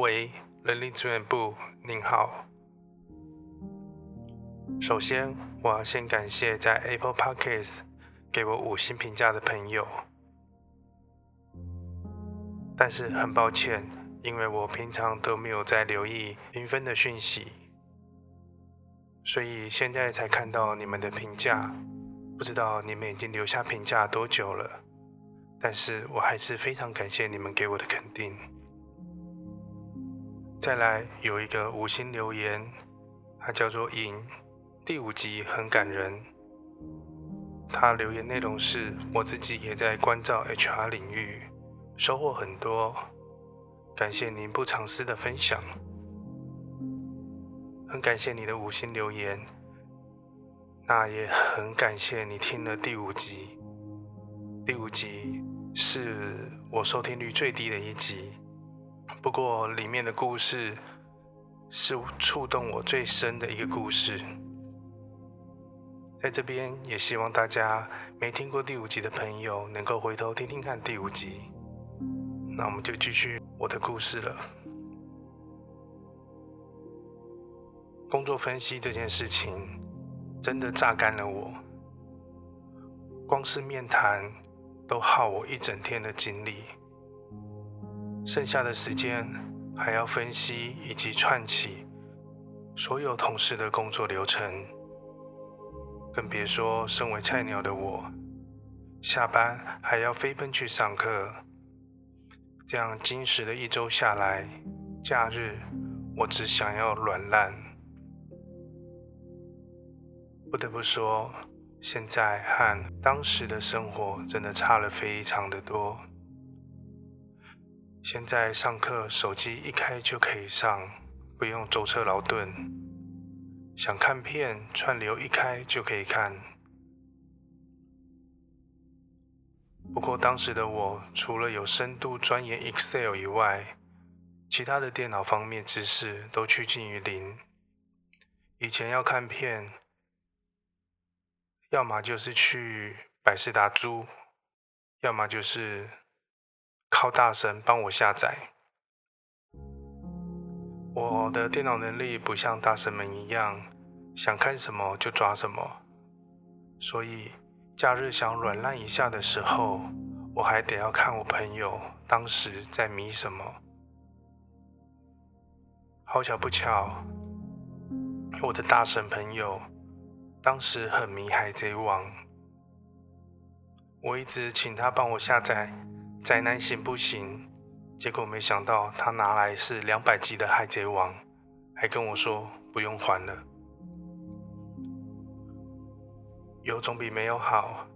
喂，人力資源部，您好。首先，我要先感謝在 Apple Podcast 給我五星評價的朋友。但是很抱歉，因為我平常都沒有在留意評分的訊息，所以現在才看到你們的評價。不知道你們已經留下評價多久了，但是我還是非常感謝你們給我的肯定。再來有一個五星留言，它叫做“影”，第五集很感人。他留言內容是：“我自己也在關照 HR 領域，收穫很多，感謝您不藏私的分享，很感謝你的五星留言，那也很感謝你聽了第五集。第五集是我收聽率最低的一集。”不過裡面的故事是觸動我最深的一個故事，在這邊也希望大家沒聽過第五集的朋友，能夠回頭聽聽看第五集。那我們就繼續我的故事了。工作分析這件事情真的榨乾了我，光是面談都耗我一整天的精力。剩下的時間還要分析，以及串起所有同事的工作流程，更別說身為菜鳥的我，下班還要飛奔去上課。這樣精實的一週下來，假日我只想要軟爛。不得不說，現在和當時的生活真的差了非常的多。現在上課手機一開就可以上，不用舟車勞頓。想看片串流一開就可以看。不過當時的我，除了有深度專研 Excel 以外，其他的電腦方面知識都趨近於零。以前要看片，要麼就是去百視達租，要麼就是。靠大神幫我下載，我的電腦能力不像大神們一樣想看什麼就抓什麼，所以假日想軟爛一下的時候，我還得要看我朋友當時在迷什麼。好巧不巧，我的大神朋友當時很迷《海賊王》，我一直請他幫我下載。宅男行不行？結果沒想到他拿來是兩百集的《海賊王》，還跟我說不用還了。有總比沒有好。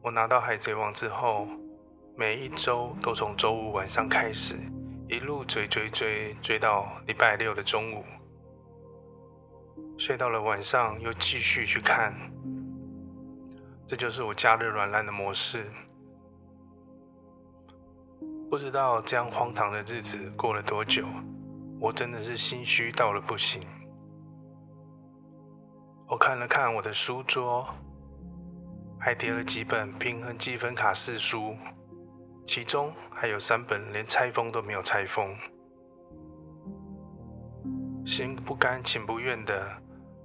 我拿到《海賊王》之後，每一周都從週五晚上開始，一路追追追追到禮拜六的中午，睡到了晚上又繼續去看。這就是我假日軟爛的模式。不知道這樣荒唐的日子過了多久，我真的是心虛到了不行。我看了看我的書桌，還疊了幾本平衡計分卡四書，其中還有三本連拆封都沒有拆封。心不甘情不願的，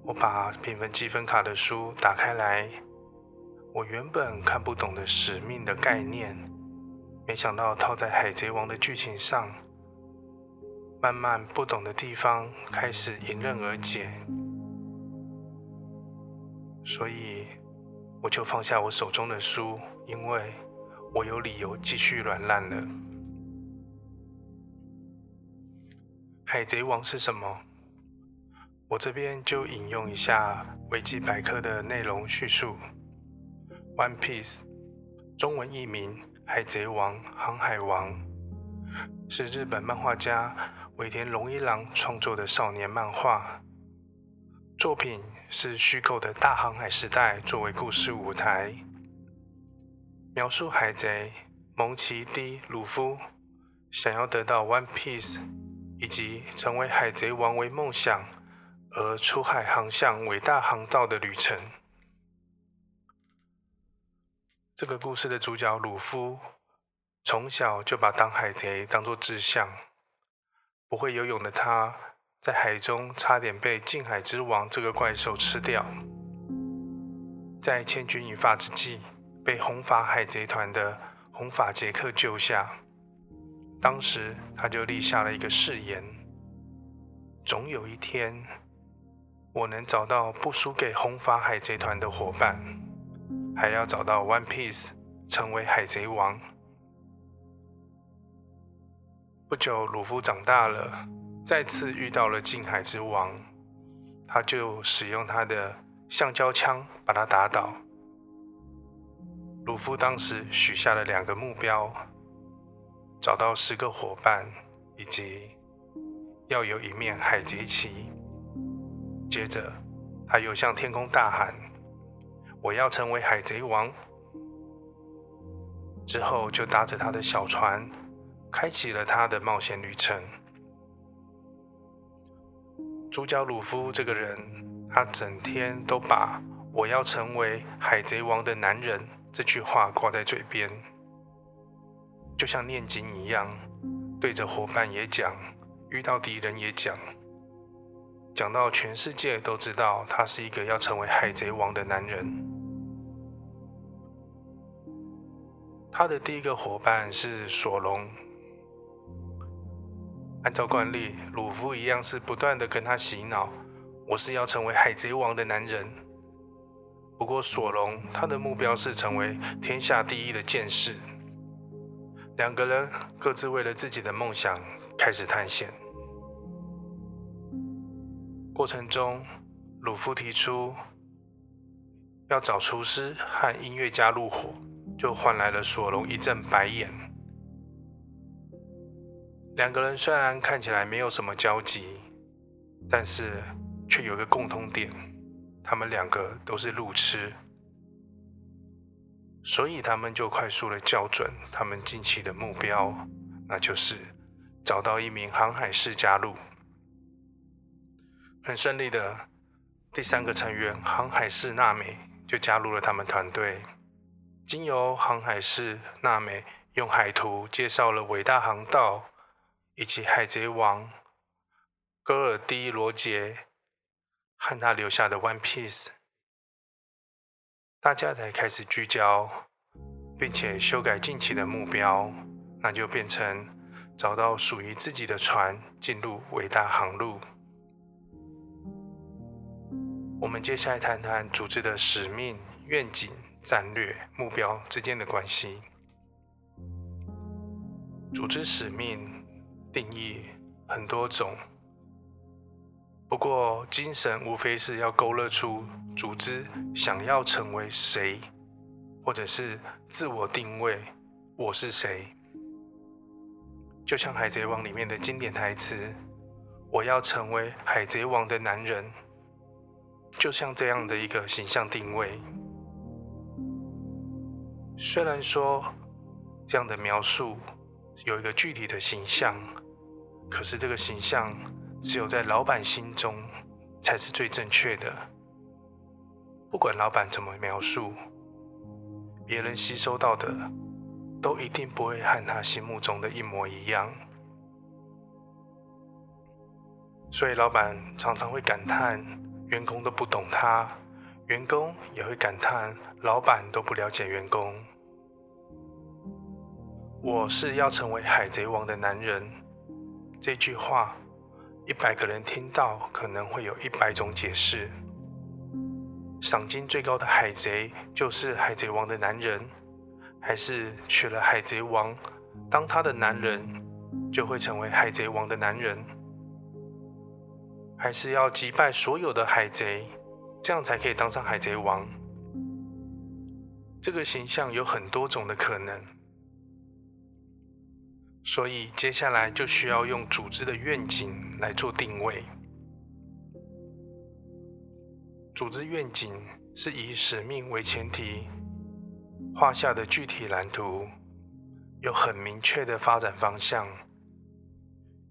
我把平衡計分卡的書打開來，我原本看不懂的使命的概念。沒想到套在《海賊王》的劇情上，慢慢不懂的地方開始迎刃而解，所以我就放下我手中的書，因為我有理由繼續軟爛了。《海賊王》是什麼？我這邊就引用一下維基百科的內容敘述，《One Piece》中文譯名。《海賊王》《航海王》是日本漫畫家尾田榮一郎創作的少年漫畫，作品是虛構的大航海時代作為故事舞台，描述海賊蒙奇 ·D· 魯夫想要得到 One Piece 以及成為海賊王為夢想而出海航向偉大航道的旅程。這個故事的主角魯夫，從小就把當海賊當做志向。不會游泳的他，在海中差點被近海之王這個怪獸吃掉，在千鈞一髮之際，被紅髮海賊團的紅髮傑克救下。當時他就立下了一個誓言：總有一天，我能找到不輸給紅髮海賊團的夥伴。還要找到《One Piece》，成為海賊王。不久，魯夫長大了，再次遇到了近海之王，他就使用他的橡膠槍把他打倒。魯夫當時許下了兩個目標：找到十個夥伴，以及要有一面海賊旗。接着，他又向天空大喊。我要成為海賊王，之後就搭着他的小船，開啟了他的冒險旅程。主角魯夫這個人，他整天都把“我要成為海賊王的男人”這句話掛在嘴邊，就像念經一樣，對着夥伴也講，遇到敵人也講。講到全世界都知道他是一個要成為海賊王的男人。他的第一個夥伴是索隆，按照慣例，魯夫一樣是不斷的跟他洗腦：“我是要成為海賊王的男人。”不過索隆他的目標是成為天下第一的劍士。兩個人各自為了自己的夢想開始探險。過程中，魯夫提出要找廚師和音樂家入夥，就換來了索隆一陣白眼。兩個人雖然看起來沒有什麼交集，但是卻有一個共同點，他們兩個都是路痴，所以他們就快速的校準他們近期的目標，那就是找到一名航海士加入。很順利的，第三個成員航海士娜美就加入了他們團隊。經由航海士娜美用海圖介紹了偉大航道以及海賊王戈爾 ·D· 羅傑和他留下的 One Piece，大家才開始聚焦，並且修改近期的目標，那就變成找到屬於自己的船，進入偉大航路。我們接下來談談組織的使命、願景、戰略、目標之間的關係。組織使命定義很多種，不過精神無非是要勾勒出組織想要成為誰，或者是自我定位，我是誰。就像《海賊王》裡面的經典台詞：“我要成為海賊王的男人。”就像這樣的一個形象定位，雖然說這樣的描述有一個具體的形象，可是這個形象只有在老闆心中才是最正確的。不管老闆怎麼描述，別人吸收到的都一定不會和他心目中的一模一樣。所以老闆常常會感嘆。員工都不懂他，員工也會感嘆老板都不了解員工。我是要成為海賊王的男人，這句話一百個人聽到可能會有一百種解釋。賞金最高的海賊就是海賊王的男人，還是娶了海賊王當他的男人就會成為海賊王的男人，還是要擊敗所有的海賊，這樣才可以當上海賊王。這個形象有很多種的可能，所以接下來就需要用組織的願景來做定位。組織願景是以使命為前提，畫下的具體藍圖，有很明確的發展方向。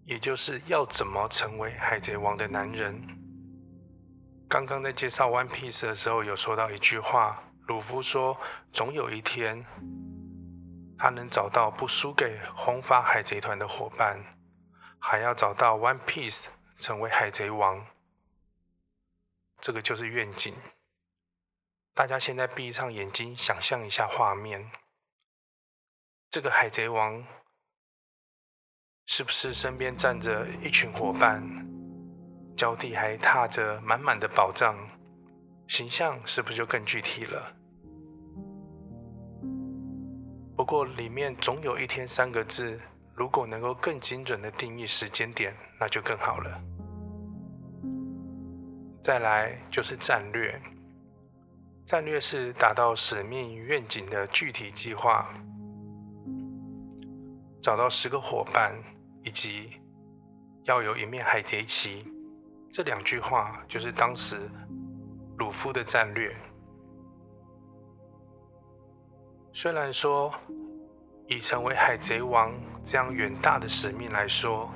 也就是要怎麼成為海賊王的男人？剛剛在介紹《One Piece》的時候，有說到一句話，魯夫說：“總有一天，他能找到不輸給紅髮海賊團的伙伴，還要找到《One Piece》成為海賊王。”這個就是願景。大家現在閉上眼睛，想象一下畫面：這個海賊王。是不是身邊站着一群伙伴，腳底還踏着滿滿的寶藏，形象是不是就更具體了？不過裡面總有一天三個字，如果能夠更精準的定義時間點，那就更好了。再來就是戰略，戰略是達到使命願景的具體計劃，找到十個伙伴。以及要有一面海賊旗，這兩句話就是當時魯夫的戰略。雖然說以成為海賊王這樣遠大的使命來說，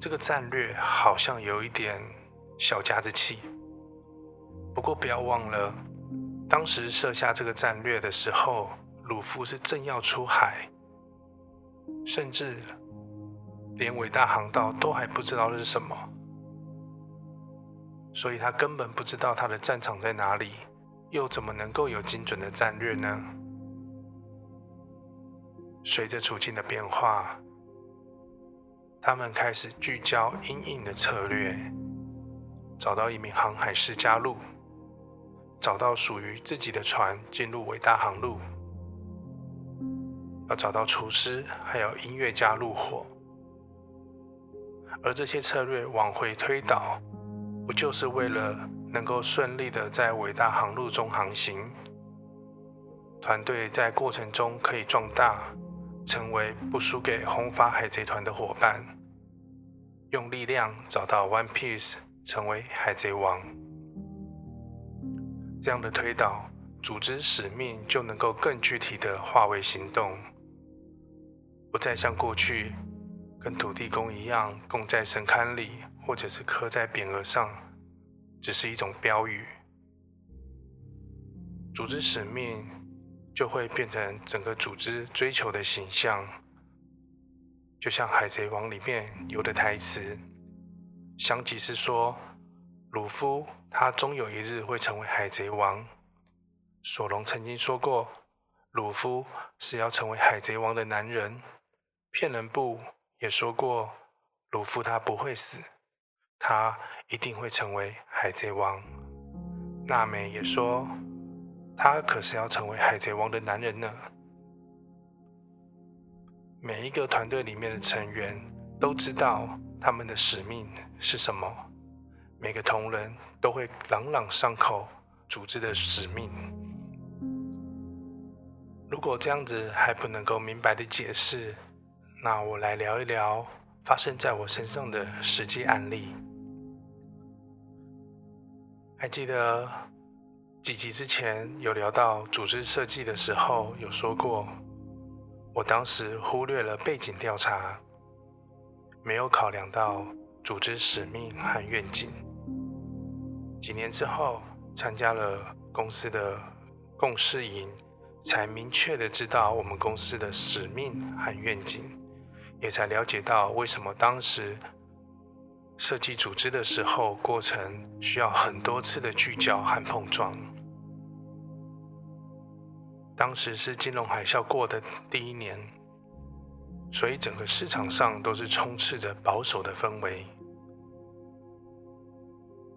這個戰略好像有一點小家子氣。不過不要忘了，當時設下這個戰略的時候，魯夫是正要出海，甚至。連偉大航道都還不知道是什麼，所以他根本不知道他的戰場在哪裡，又怎麼能夠有精準的戰略呢？隨着處境的變化，他們開始聚焦因應的策略，找到一名航海士加入，找到屬於自己的船進入偉大航路，要找到廚師還有音樂家入夥。而這些策略往回推導，不就是為了能夠順利的在偉大航路中航行？團隊在過程中可以壯大，成為不輸給紅髮海賊團的伙伴，用力量找到 One Piece，成為海賊王。這樣的推導，組織使命就能夠更具體的化為行動，不再像過去。跟土地公一樣，供在神龕裡，或者是刻在匾額上，只是一種標語。組織使命就會變成整個組織追求的形象。就像《海賊王》裡面有的台詞，香吉士說：“魯夫他終有一日會成為海賊王。”索隆曾經說過：“魯夫是要成為海賊王的男人。”騙人布，也說過，魯夫他不會死，他一定會成為海賊王。娜美也說，他可是要成為海賊王的男人呢。每一個團隊裡面的成員都知道他們的使命是什麼，每個同仁都會朗朗上口組織的使命。如果這樣子還不能夠明白的解釋。那我來聊一聊發生在我身上的實際案例。還記得幾集之前有聊到組織設計的時候，有說過，我當時忽略了背景調查，沒有考量到組織使命和願景。幾年之後，參加了公司的共識營，才明確地知道我們公司的使命和願景。也才了解到為什麼當時設計組織的時候，過程需要很多次的聚焦和碰撞。當時是金融海嘯過的第一年，所以整個市場上都是充斥着保守的氛圍。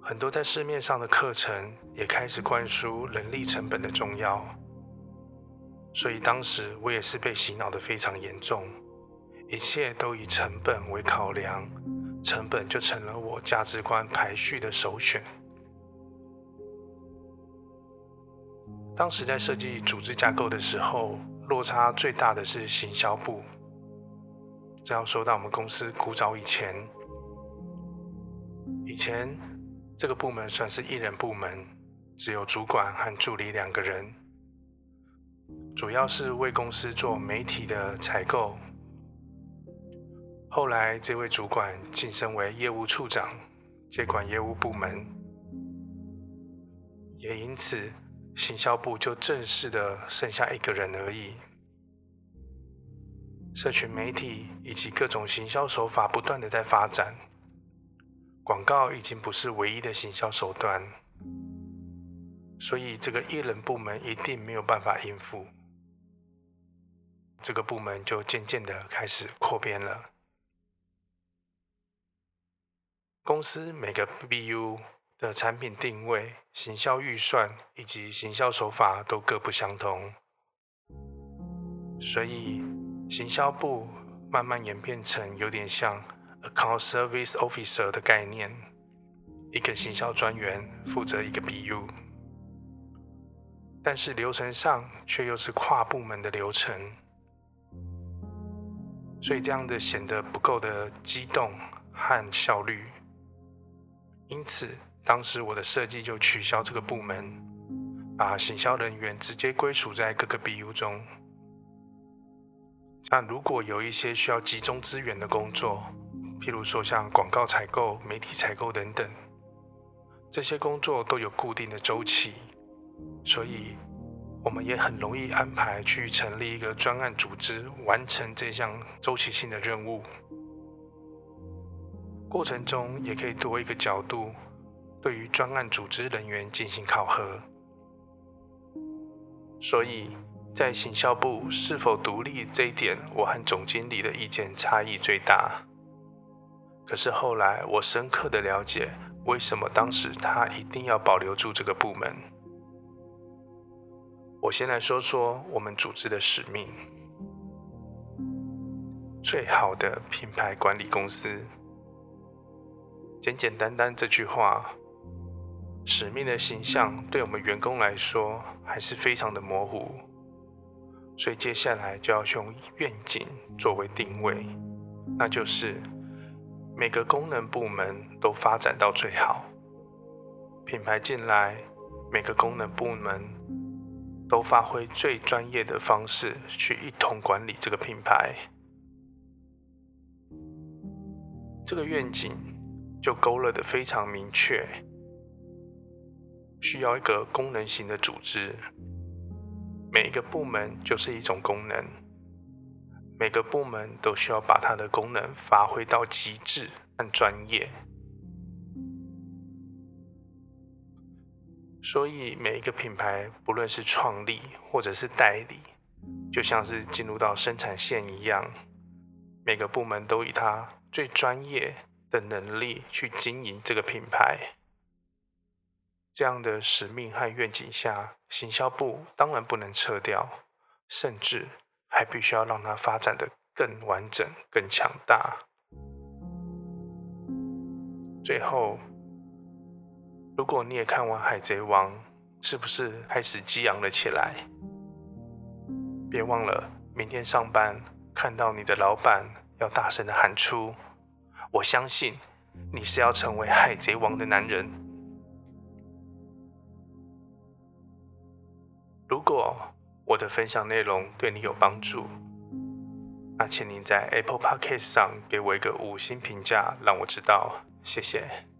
很多在市面上的課程也開始灌輸人力成本的重要，所以當時我也是被洗腦的非常嚴重。一切都以成本為考量，成本就成了我價值觀排序的首選。當時在設計組織架構的時候，落差最大的是行銷部。這要說到我們公司古早以前，以前這個部門算是一人部門，只有主管和助理兩個人，主要是為公司做媒體的採購。後來，這位主管晉升為業務處長，接管業務部門，也因此，行銷部就正式的剩下一個人而已。社群媒體以及各種行銷手法不斷的在發展，廣告已經不是唯一的行銷手段，所以這個一人部門一定沒有辦法應付，這個部門就漸漸的開始擴編了。公司每個 BU 的產品定位、行銷預算以及行銷手法都各不相同，所以行銷部慢慢演變成有點像 Account Service Officer 的概念，一個行銷專員負責一個 BU，但是流程上卻又是跨部門的流程，所以這樣的顯得不夠的機動和效率。因此，當時我的設計就取消這個部門，把行銷人員直接歸屬在各個 BU 中。但如果有一些需要集中資源的工作，譬如說像廣告採購、媒體採購等等，這些工作都有固定的周期，所以我們也很容易安排去成立一個專案組織，完成這項周期性的任務。過程中也可以多一個角度，對於專案組織人員進行考核。所以，在行銷部是否獨立這一點，我和總經理的意見差異最大。可是後來我深刻的了解，為什麼當時他一定要保留住這個部門。我先來說說我們組織的使命：最好的品牌管理公司。簡簡單單這句話，使命的形象對我們員工來說還是非常的模糊，所以接下來就要用願景作為定位，那就是每個功能部門都發展到最好，品牌進來，每個功能部門都發揮最專業的方式去一同管理這個品牌，這個願景就勾勒得非常明確，需要一個功能型的組織，每一個部門就是一種功能，每個部門都需要把它的功能發揮到極致和專業。所以，每一個品牌，不論是創立或者是代理，就像是進入到生產線一樣，每個部門都以它最專業。的能力去經營這個品牌，這樣的使命和願景下，行銷部當然不能撤掉，甚至還必須要讓它發展得更完整、更強大。最後，如果你也看完《海賊王》，是不是開始激昂了起來？別忘了，明天上班看到你的老闆，要大聲的喊出。我相信，你是要成為海賊王的男人。如果我的分享內容對你有幫助，那請你在 Apple Podcast 上給我一個五星評價，讓我知道。謝謝。